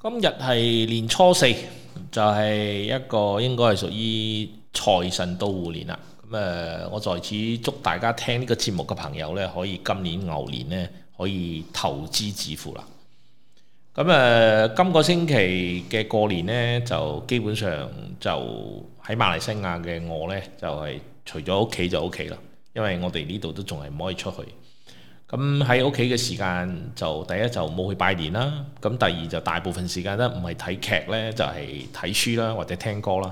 今日係年初四，就係、是、一個應該係屬於財神到戶年啦。咁誒、呃，我在此祝大家聽呢個節目嘅朋友呢，可以今年牛年呢可以投資致富啦。咁誒、呃，今個星期嘅過年呢，就基本上就喺馬來西亞嘅我呢，就係、是、除咗屋企就屋企啦，因為我哋呢度都仲係唔可以出去。咁喺屋企嘅時間就第一就冇去拜年啦，咁第二就大部分時間咧唔係睇劇咧就係睇書啦或者聽歌啦。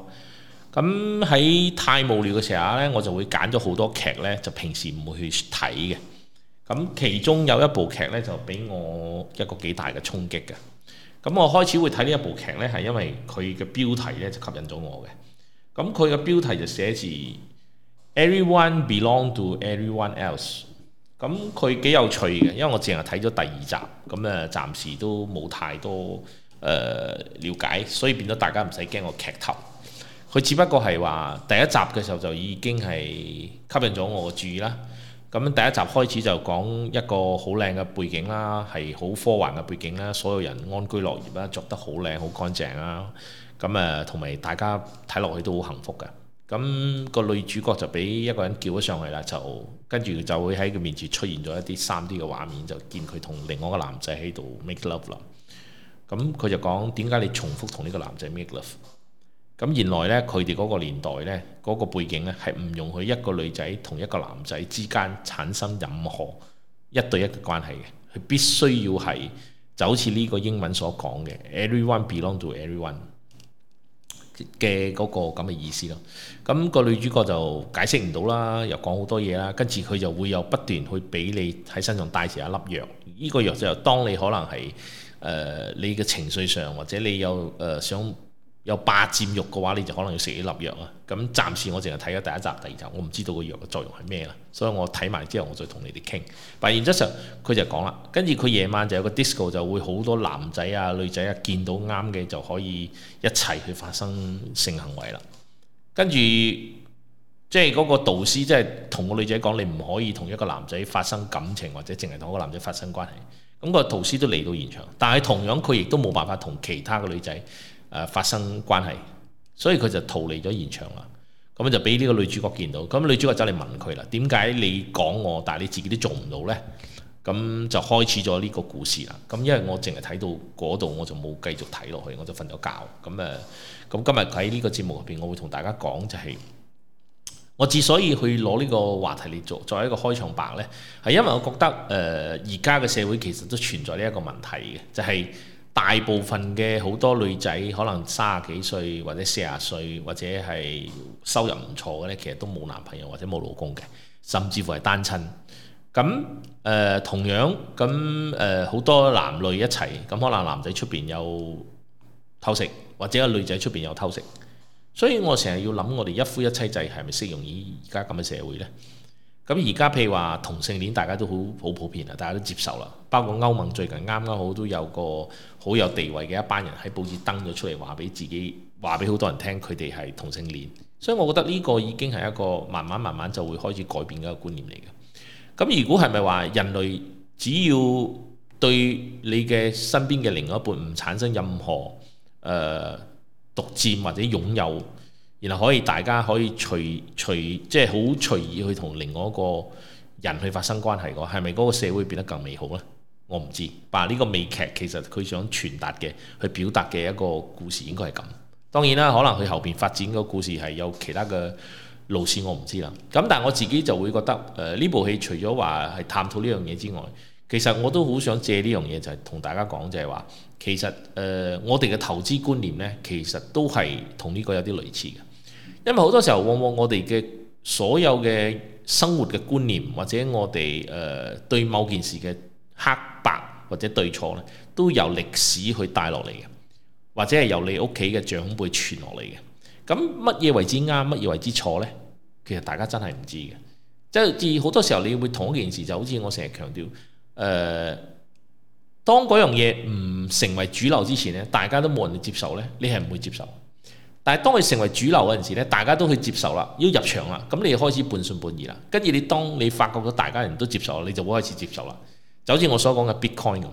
咁喺太無聊嘅時候咧，我就會揀咗好多劇咧，就平時唔會去睇嘅。咁其中有一部劇咧就俾我一個幾大嘅衝擊嘅。咁我開始會睇呢一部劇咧，係因為佢嘅標題咧就吸引咗我嘅。咁佢嘅標題就寫住 Everyone Belong to Everyone Else。咁佢幾有趣嘅，因為我淨係睇咗第二集，咁、嗯、啊暫時都冇太多誒瞭、呃、解，所以變咗大家唔使驚我劇頭。佢只不過係話第一集嘅時候就已經係吸引咗我嘅注意啦。咁、嗯、第一集開始就講一個好靚嘅背景啦，係好科幻嘅背景啦，所有人安居樂業啦，著得好靚好乾淨啦，咁誒同埋大家睇落去都好幸福嘅。咁個女主角就俾一個人叫咗上去啦，就跟住就會喺佢面前出現咗一啲 3D 嘅畫面，就見佢同另外一個男仔喺度 make love 啦。咁、嗯、佢就講點解你重複同呢個男仔 make love？咁、嗯、原來呢，佢哋嗰個年代呢，嗰、嗰個背景咧係唔容許一個女仔同一個男仔之間產生任何一對一嘅關係嘅，佢必須要係就好似呢個英文所講嘅，everyone belong to everyone。嘅嗰個咁嘅意思咯，咁個女主角就解釋唔到啦，又講好多嘢啦，跟住佢就會有不斷去俾你喺身上帶住一粒藥，呢個藥就當你可能係誒你嘅情緒上或者你有誒想，有霸佔欲嘅話，你就可能要食一粒藥啊！咁暫時我淨係睇咗第一集、第二集，我唔知道個藥嘅作用係咩啦，所以我睇埋之後，我再同你哋傾。但係原則上，佢就講啦，跟住佢夜晚就有個 disco，就會好多男仔啊、女仔啊，見到啱嘅就可以一齊去發生性行為啦。跟住即係嗰個導師，即係同個女仔講，你唔可以同一個男仔發生感情，或者淨係同一個男仔發生關係。咁個導師都嚟到現場，但係同樣佢亦都冇辦法同其他嘅女仔。誒、呃、發生關係，所以佢就逃離咗現場啦。咁就俾呢個女主角見到，咁女主角走嚟問佢啦：「點解你講我，但係你自己都做唔到呢？」咁就開始咗呢個故事啦。咁因為我淨係睇到嗰度，我就冇繼續睇落去，我就瞓咗覺。咁誒、呃，咁今日喺呢個節目入邊，我會同大家講就係、是，我之所以去攞呢個話題嚟做作為一個開場白呢，係因為我覺得誒而家嘅社會其實都存在呢一個問題嘅，就係、是。大部分嘅好多女仔可能三十幾歲或者四十歲，或者係收入唔錯嘅咧，其實都冇男朋友或者冇老公嘅，甚至乎係單親咁。誒、呃、同樣咁誒好多男女一齊咁，可能男仔出邊有偷食，或者女仔出邊有偷食，所以我成日要諗，我哋一夫一妻制係咪適用於而家咁嘅社會呢？咁而家譬如話同性戀大家都好好普遍啦，大家都接受啦。包括歐盟最近啱啱好都有個好有地位嘅一班人喺報紙登咗出嚟，話俾自己話俾好多人聽，佢哋係同性戀，所以我覺得呢個已經係一個慢慢慢慢就會開始改變嘅一個觀念嚟嘅。咁如果係咪話人類只要對你嘅身邊嘅另外一半唔產生任何誒獨佔或者擁有？然後可以大家可以隨隨即係好隨意去同另外一個人去發生關係嘅，係咪嗰個社會變得更美好呢？我唔知，但係呢個美劇其實佢想傳達嘅、去表達嘅一個故事應該係咁。當然啦，可能佢後邊發展個故事係有其他嘅路線我，我唔知啦。咁但係我自己就會覺得，誒、呃、呢部戲除咗話係探討呢樣嘢之外，其實我都好想借呢樣嘢就係同大家講，就係話其實誒、呃、我哋嘅投資觀念呢，其實都係同呢個有啲類似嘅。因為好多時候，往往我哋嘅所有嘅生活嘅觀念，或者我哋誒、呃、對某件事嘅黑白或者對錯呢，都由歷史去帶落嚟嘅，或者係由你屋企嘅長輩傳落嚟嘅。咁乜嘢為之啱，乜嘢為之錯呢？其實大家真係唔知嘅。即係好多時候，你會同一件事，就好似我成日強調誒，當嗰樣嘢唔成為主流之前咧，大家都冇人接受呢，你係唔會接受。但係當佢成為主流嗰陣時咧，大家都去接受啦，要入場啦，咁你就開始半信半疑啦。跟住你當你發覺咗大家人都接受，你就會開始接受啦。就好似我所講嘅 Bitcoin 咁，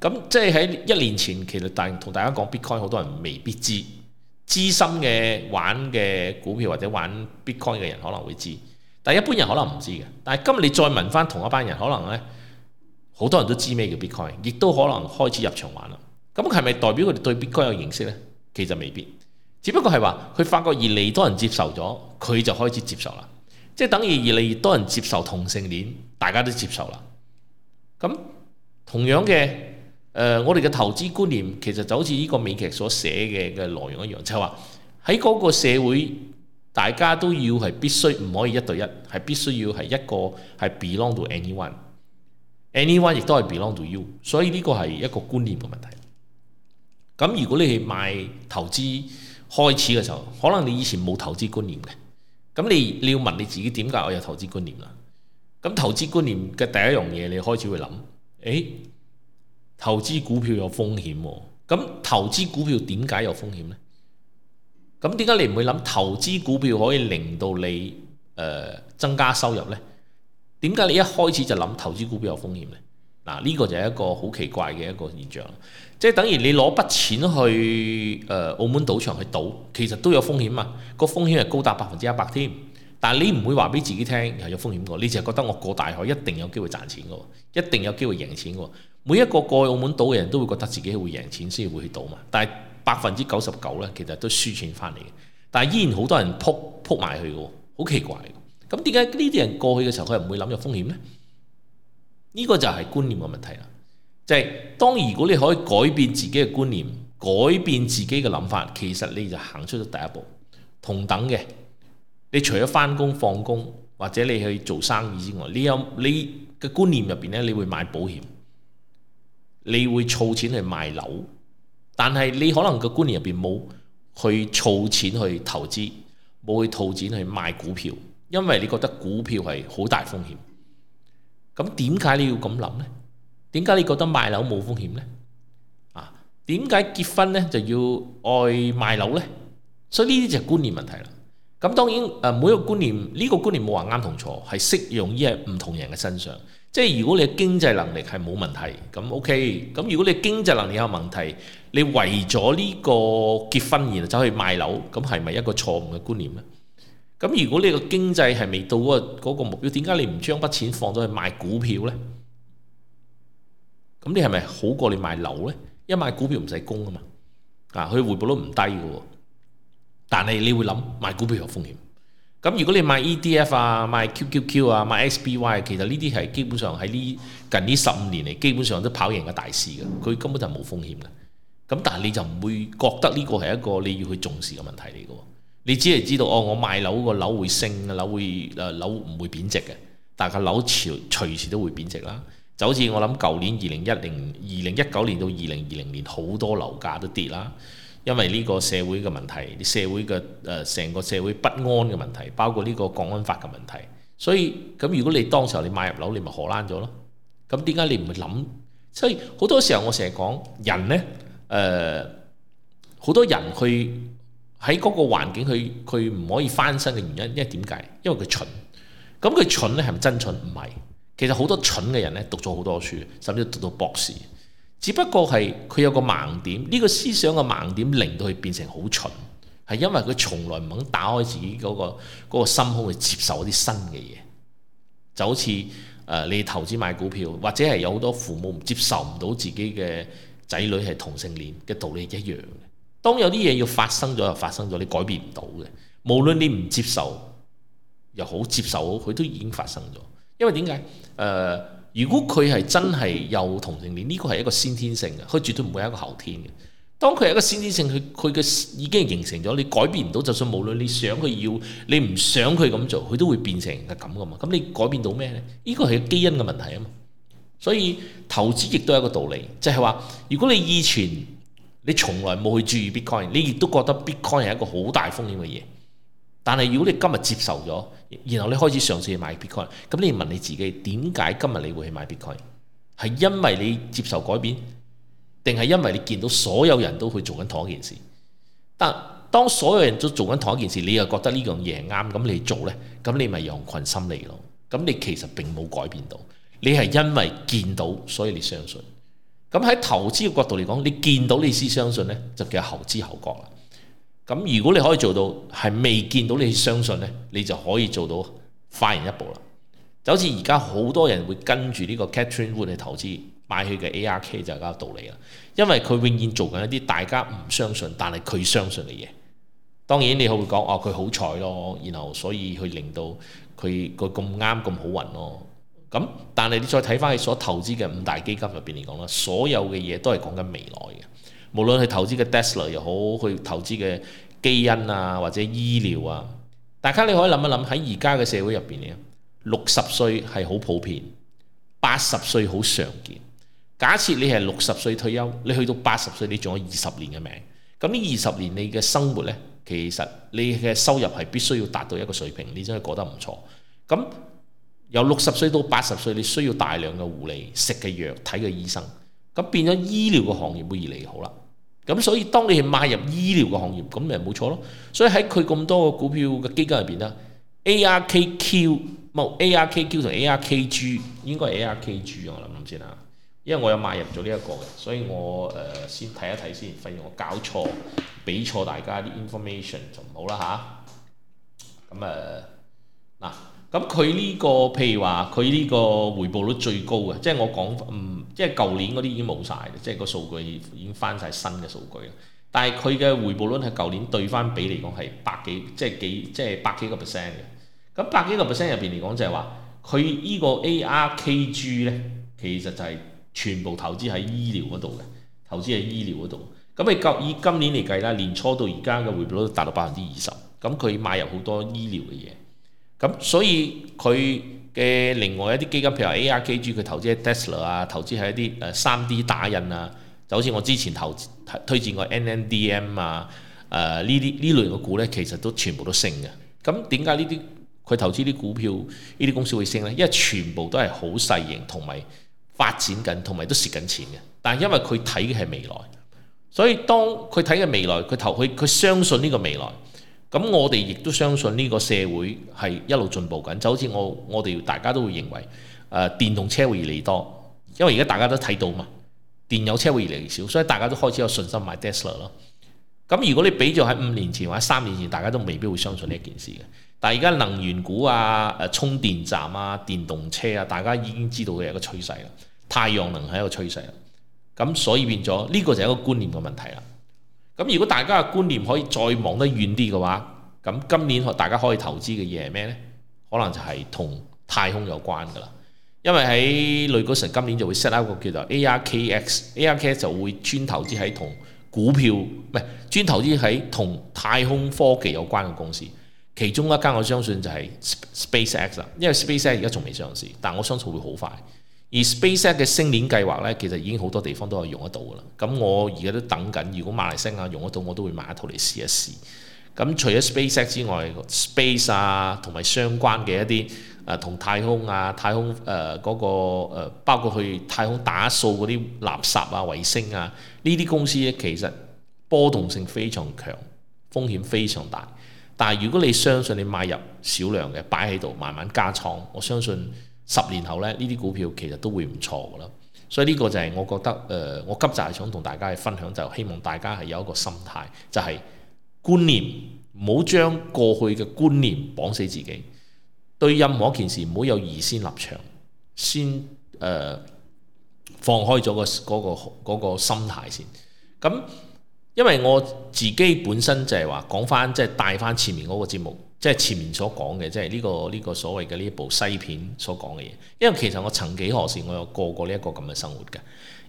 咁即係喺一年前其實大同大家講 Bitcoin，好多人未必知，資深嘅玩嘅股票或者玩 Bitcoin 嘅人可能會知，但係一般人可能唔知嘅。但係今日你再問翻同一班人，可能咧好多人都知咩叫 Bitcoin，亦都可能開始入場玩啦。咁係咪代表佢哋對 Bitcoin 有認識呢？其實未必。只不過係話，佢發覺而嚟多人接受咗，佢就開始接受啦。即係等於越嚟越多人接受同性戀，大家都接受啦。咁同樣嘅，誒、呃，我哋嘅投資觀念其實就好似呢個美劇所寫嘅嘅內容一樣，就係話喺嗰個社會，大家都要係必須唔可以一對一，係必須要係一個係 belong to anyone，anyone 亦 anyone 都係 belong to you。所以呢個係一個觀念嘅問題。咁如果你賣投資，開始嘅時候，可能你以前冇投資觀念嘅，咁你你要問你自己點解我有投資觀念啦、啊？咁投資觀念嘅第一樣嘢，你開始會諗，誒、欸、投資股票有風險、哦，咁投資股票點解有風險呢？咁點解你唔會諗投資股票可以令到你誒、呃、增加收入呢？點解你一開始就諗投資股票有風險呢？嗱，呢個就係一個好奇怪嘅一個現象，即係等於你攞筆錢去誒、呃、澳門賭場去賭，其實都有風險嘛，個風險係高達百分之一百添。但係你唔會話俾自己聽係有風險個，你淨係覺得我過大海一定有機會賺錢個，一定有機會贏錢個。每一個過去澳門賭嘅人都會覺得自己會贏錢先會去賭嘛。但係百分之九十九呢，其實都輸錢翻嚟嘅。但係依然好多人撲撲埋去嘅，好奇怪。咁點解呢啲人過去嘅時候佢又唔會諗有風險咧？呢個就係觀念嘅問題啦，即係當如果你可以改變自己嘅觀念，改變自己嘅諗法，其實你就行出咗第一步。同等嘅，你除咗翻工放工或者你去做生意之外，你有你嘅觀念入邊呢，你會買保險，你會儲錢去買樓，但係你可能個觀念入邊冇去儲錢去投資，冇去套錢去賣股票，因為你覺得股票係好大風險。咁點解你要咁諗呢？點解你覺得賣樓冇風險呢？啊，點解結婚咧就要愛賣樓呢？所以呢啲就係觀念問題啦。咁當然誒，每一個觀念呢個觀念冇話啱同錯，係適用於喺唔同人嘅身上。即係如果你經濟能力係冇問題，咁 OK。咁如果你經濟能力有問題，你為咗呢個結婚而走去賣樓，咁係咪一個錯誤嘅觀念呢？咁如果你個經濟係未到嗰個個目標，點解你唔將筆錢放咗去買股票呢？咁你係咪好過你買樓呢？因為買股票唔使供啊嘛，啊佢回報率唔低嘅，但係你會諗買股票有風險。咁如果你買 ETF 啊、買 Q Q Q 啊、買 S B Y，其實呢啲係基本上喺呢近呢十五年嚟基本上都跑贏嘅大市嘅，佢根本就冇風險嘅。咁但係你就唔會覺得呢個係一個你要去重視嘅問題嚟嘅？你只係知道哦，我買樓個樓會升，樓會誒樓唔會貶值嘅，但係樓隨隨時都會貶值啦。就好似我諗舊年二零一零二零一九年到二零二零年，好多樓價都跌啦，因為呢個社會嘅問題，社會嘅誒成個社會不安嘅問題，包括呢個港版國安法嘅問題。所以咁，如果你當時候你買入樓，你咪荷蘭咗咯。咁點解你唔會諗？所以好多時候我成日講人呢，誒、呃、好多人去。喺嗰個環境，佢佢唔可以翻身嘅原因，因為點解？因為佢蠢。咁佢蠢咧係咪真蠢？唔係。其實好多蠢嘅人咧，讀咗好多書，甚至讀到博士，只不過係佢有個盲點，呢、這個思想嘅盲點，令到佢變成好蠢。係因為佢從來唔肯打開自己嗰、那個那個心胸去接受一啲新嘅嘢。就好似誒、呃，你投資買股票，或者係有好多父母唔接受唔到自己嘅仔女係同性戀嘅道理一樣。當有啲嘢要發生咗，又發生咗，你改變唔到嘅。無論你唔接受又好接受，佢都已經發生咗。因為點解？誒、呃，如果佢係真係有同性戀，呢個係一個先天性嘅，佢絕對唔會係一個後天嘅。當佢係一個先天性，佢佢嘅已經形成咗，你改變唔到。就算無論你想佢要，你唔想佢咁做，佢都會變成係咁噶嘛。咁你改變到咩呢？呢個係基因嘅問題啊嘛。所以投資亦都係一個道理，即係話，如果你以前，你從來冇去注意 Bitcoin，你亦都覺得 Bitcoin 係一個好大風險嘅嘢。但係如果你今日接受咗，然後你開始嘗試去買 Bitcoin，咁你問你自己點解今日你會去買 Bitcoin？係因為你接受改變，定係因為你見到所有人都去做緊同一件事？但當所有人都做緊同一件事，你又覺得呢樣嘢啱咁你做呢？咁你咪羊群心理咯？咁你其實並冇改變到，你係因為見到所以你相信。咁喺投資嘅角度嚟講，你見到你先相信呢，就叫後知後覺啦。咁如果你可以做到係未見到你相信呢，你就可以做到快人一步啦。就好似而家好多人會跟住呢個 Cathie Wood 去投資買佢嘅 ARK 就係嗰道理啦。因為佢永遠做緊一啲大家唔相信但係佢相信嘅嘢。當然你可能會講哦，佢好彩咯，然後所以佢令到佢個咁啱咁好運咯。咁，但係你再睇翻你所投資嘅五大基金入邊嚟講啦，所有嘅嘢都係講緊未來嘅。無論係投資嘅 Tesla 又好，去投資嘅基因啊或者醫療啊，大家你可以諗一諗喺而家嘅社會入邊呢，六十歲係好普遍，八十歲好常見。假設你係六十歲退休，你去到八十歲你，你仲有二十年嘅命。咁呢二十年你嘅生活呢，其實你嘅收入係必須要達到一個水平，你真係覺得唔錯。咁由六十歲到八十歲，你需要大量嘅護理、食嘅藥、睇嘅醫生，咁變咗醫療嘅行業會越嚟越好啦。咁所以當你係買入醫療嘅行業，咁咪冇錯咯。所以喺佢咁多個股票嘅基金入邊啦，ARKQ 冇 ARKQ 同 ARKG 應該係 ARKG 啊，我諗諗先啊。因為我有買入咗呢一個嘅，所以我誒、呃、先睇一睇先，費事我搞錯俾錯大家啲 information 就唔好啦吓？咁誒嗱。咁佢呢個，譬如話佢呢個回報率最高嘅，即係我講，嗯，即係舊年嗰啲已經冇晒嘅，即係個數據已經翻晒新嘅數據啦。但係佢嘅回報率係舊年對翻比嚟講係百幾，即係幾，即係百幾個 percent 嘅。咁百幾個 percent 入邊嚟講就係話，佢呢個 ARKG 咧，其實就係全部投資喺醫療嗰度嘅，投資喺醫療嗰度。咁你今以今年嚟計啦，年初到而家嘅回報率都達到百分之二十，咁佢買入好多醫療嘅嘢。咁所以佢嘅另外一啲基金，譬如話 ARKG，佢投資喺 Tesla 啊，投資喺一啲誒三 D 打印啊，就好似我之前投推薦過 NNDM 啊，誒呢啲呢類嘅股呢，其實都全部都升嘅。咁點解呢啲佢投資啲股票呢啲公司會升呢？因為全部都係好細型，同埋發展緊，同埋都蝕緊錢嘅。但係因為佢睇嘅係未來，所以當佢睇嘅未來，佢投佢佢相信呢個未來。咁我哋亦都相信呢個社會係一路進步緊，就好似我我哋大家都會認為，誒、呃、電動車會越嚟越多，因為而家大家都睇到嘛，電油車會越嚟越少，所以大家都開始有信心買 Tesla 咯。咁如果你比咗喺五年前或者三年前，大家都未必會相信呢一件事嘅。但係而家能源股啊、誒、呃、充電站啊、電動車啊，大家已經知道嘅係一個趨勢啦。太陽能係一個趨勢啦。咁所以變咗呢、這個就係一個觀念嘅問題啦。咁如果大家嘅觀念可以再望得遠啲嘅話，咁今年大家可以投資嘅嘢係咩呢？可能就係同太空有關噶啦。因為喺雷國成今年就會 set up 一個叫做 ARKX，ARKX 就會專投資喺同股票，唔係專投資喺同太空科技有關嘅公司。其中一間我相信就係 SpaceX 啦，因為 SpaceX 而家仲未上市，但我相信會好快。而 SpaceX 嘅星鏈計劃咧，其實已經好多地方都係用得到噶啦。咁我而家都等緊，如果馬來西亞用得到，我都會買一套嚟試一試。咁除咗 SpaceX 之外，Space 啊，同埋相關嘅一啲誒同太空啊、太空誒嗰、呃嗰個、呃、包括去太空打掃嗰啲垃圾啊、衛星啊，呢啲公司咧，其實波動性非常強，風險非常大。但係如果你相信你買入少量嘅擺喺度，慢慢加倉，我相信，十年後咧，呢啲股票其實都會唔錯㗎啦，所以呢個就係我覺得誒、呃，我急就係想同大家去分享，就是、希望大家係有一個心態，就係、是、觀念，唔好將過去嘅觀念綁死自己，對任何一件事唔好有二先立場，先誒、呃、放開咗、那個嗰個、那個心態先。咁因為我自己本身就係話講返，即係、就是、帶返前面嗰個節目。即係前面所講嘅，即係呢個呢個所謂嘅呢一部西片所講嘅嘢。因為其實我曾幾何時，我有過過呢一個咁嘅生活㗎。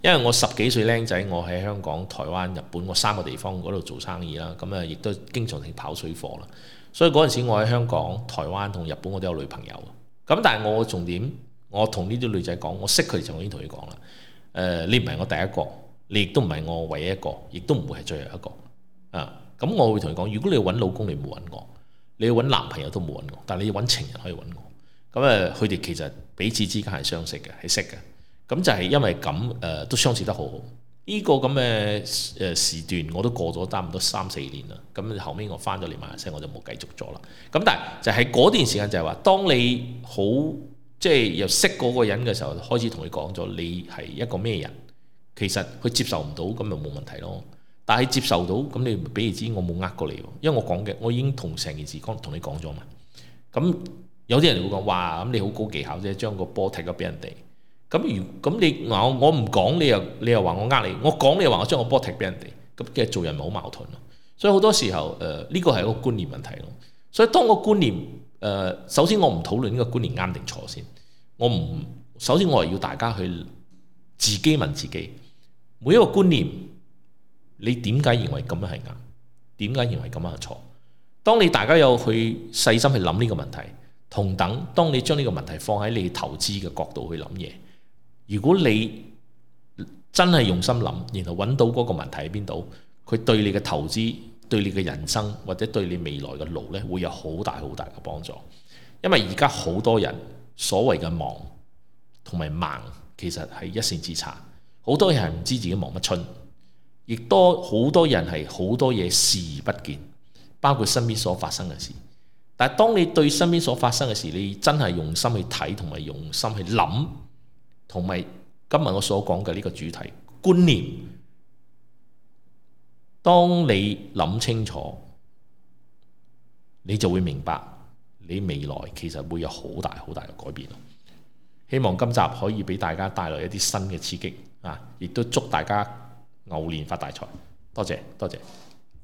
因為我十幾歲僆仔，我喺香港、台灣、日本，我三個地方嗰度做生意啦。咁啊，亦都經常性跑水貨啦。所以嗰陣時，我喺香港、台灣同日本，我都有女朋友。咁但係我重點，我同呢啲女仔講，我識佢就已經同佢講啦。誒、呃，你唔係我第一個，你亦都唔係我唯一一個，亦都唔會係最後一個啊。咁我會同佢講，如果你揾老公，你唔會揾我。你要揾男朋友都冇揾我，但係你要揾情人可以揾我。咁誒，佢哋其實彼此之間係相識嘅，係識嘅。咁就係因為咁誒、呃，都相處得好好。呢、這個咁嘅誒時段我都過咗，差唔多三四年啦。咁後尾我翻咗嚟馬來西亞，我就冇繼續咗啦。咁但係就係嗰段時間就係話，當你好即係又識嗰個人嘅時候，開始同佢講咗你係一個咩人，其實佢接受唔到咁咪冇問題咯。但係接受到，咁你俾你知我冇呃過你，因為我講嘅，我已經同成件事講，同你講咗嘛。咁有啲人會講，哇，咁你好高技巧啫，將個波踢咗俾人哋。咁如咁你我我唔講，你又你又話我呃你，我講你又話我將個波踢俾人哋，咁即係做人咪好矛盾咯。所以好多時候，誒呢個係一個觀念問題咯。所以當觀、呃、個觀念，誒首先我唔討論呢個觀念啱定錯先，我唔首先我係要大家去自己問自己，每一個觀念。你點解認為咁樣係啱？點解認為咁樣係錯？當你大家有去細心去諗呢個問題，同等當你將呢個問題放喺你投資嘅角度去諗嘢，如果你真係用心諗，然後揾到嗰個問題喺邊度，佢對你嘅投資、對你嘅人生或者對你未來嘅路呢，會有好大好大嘅幫助。因為而家好多人所謂嘅忙同埋盲，其實係一線之差。好多人係唔知自己忙乜春。亦都好多人係好多嘢視而不見，包括身邊所發生嘅事。但係當你對身邊所發生嘅事，你真係用心去睇同埋用心去諗，同埋今日我所講嘅呢個主題觀念，當你諗清楚，你就會明白你未來其實會有好大好大嘅改變。希望今集可以俾大家帶來一啲新嘅刺激啊！亦都祝大家～牛年發大財，多謝多謝。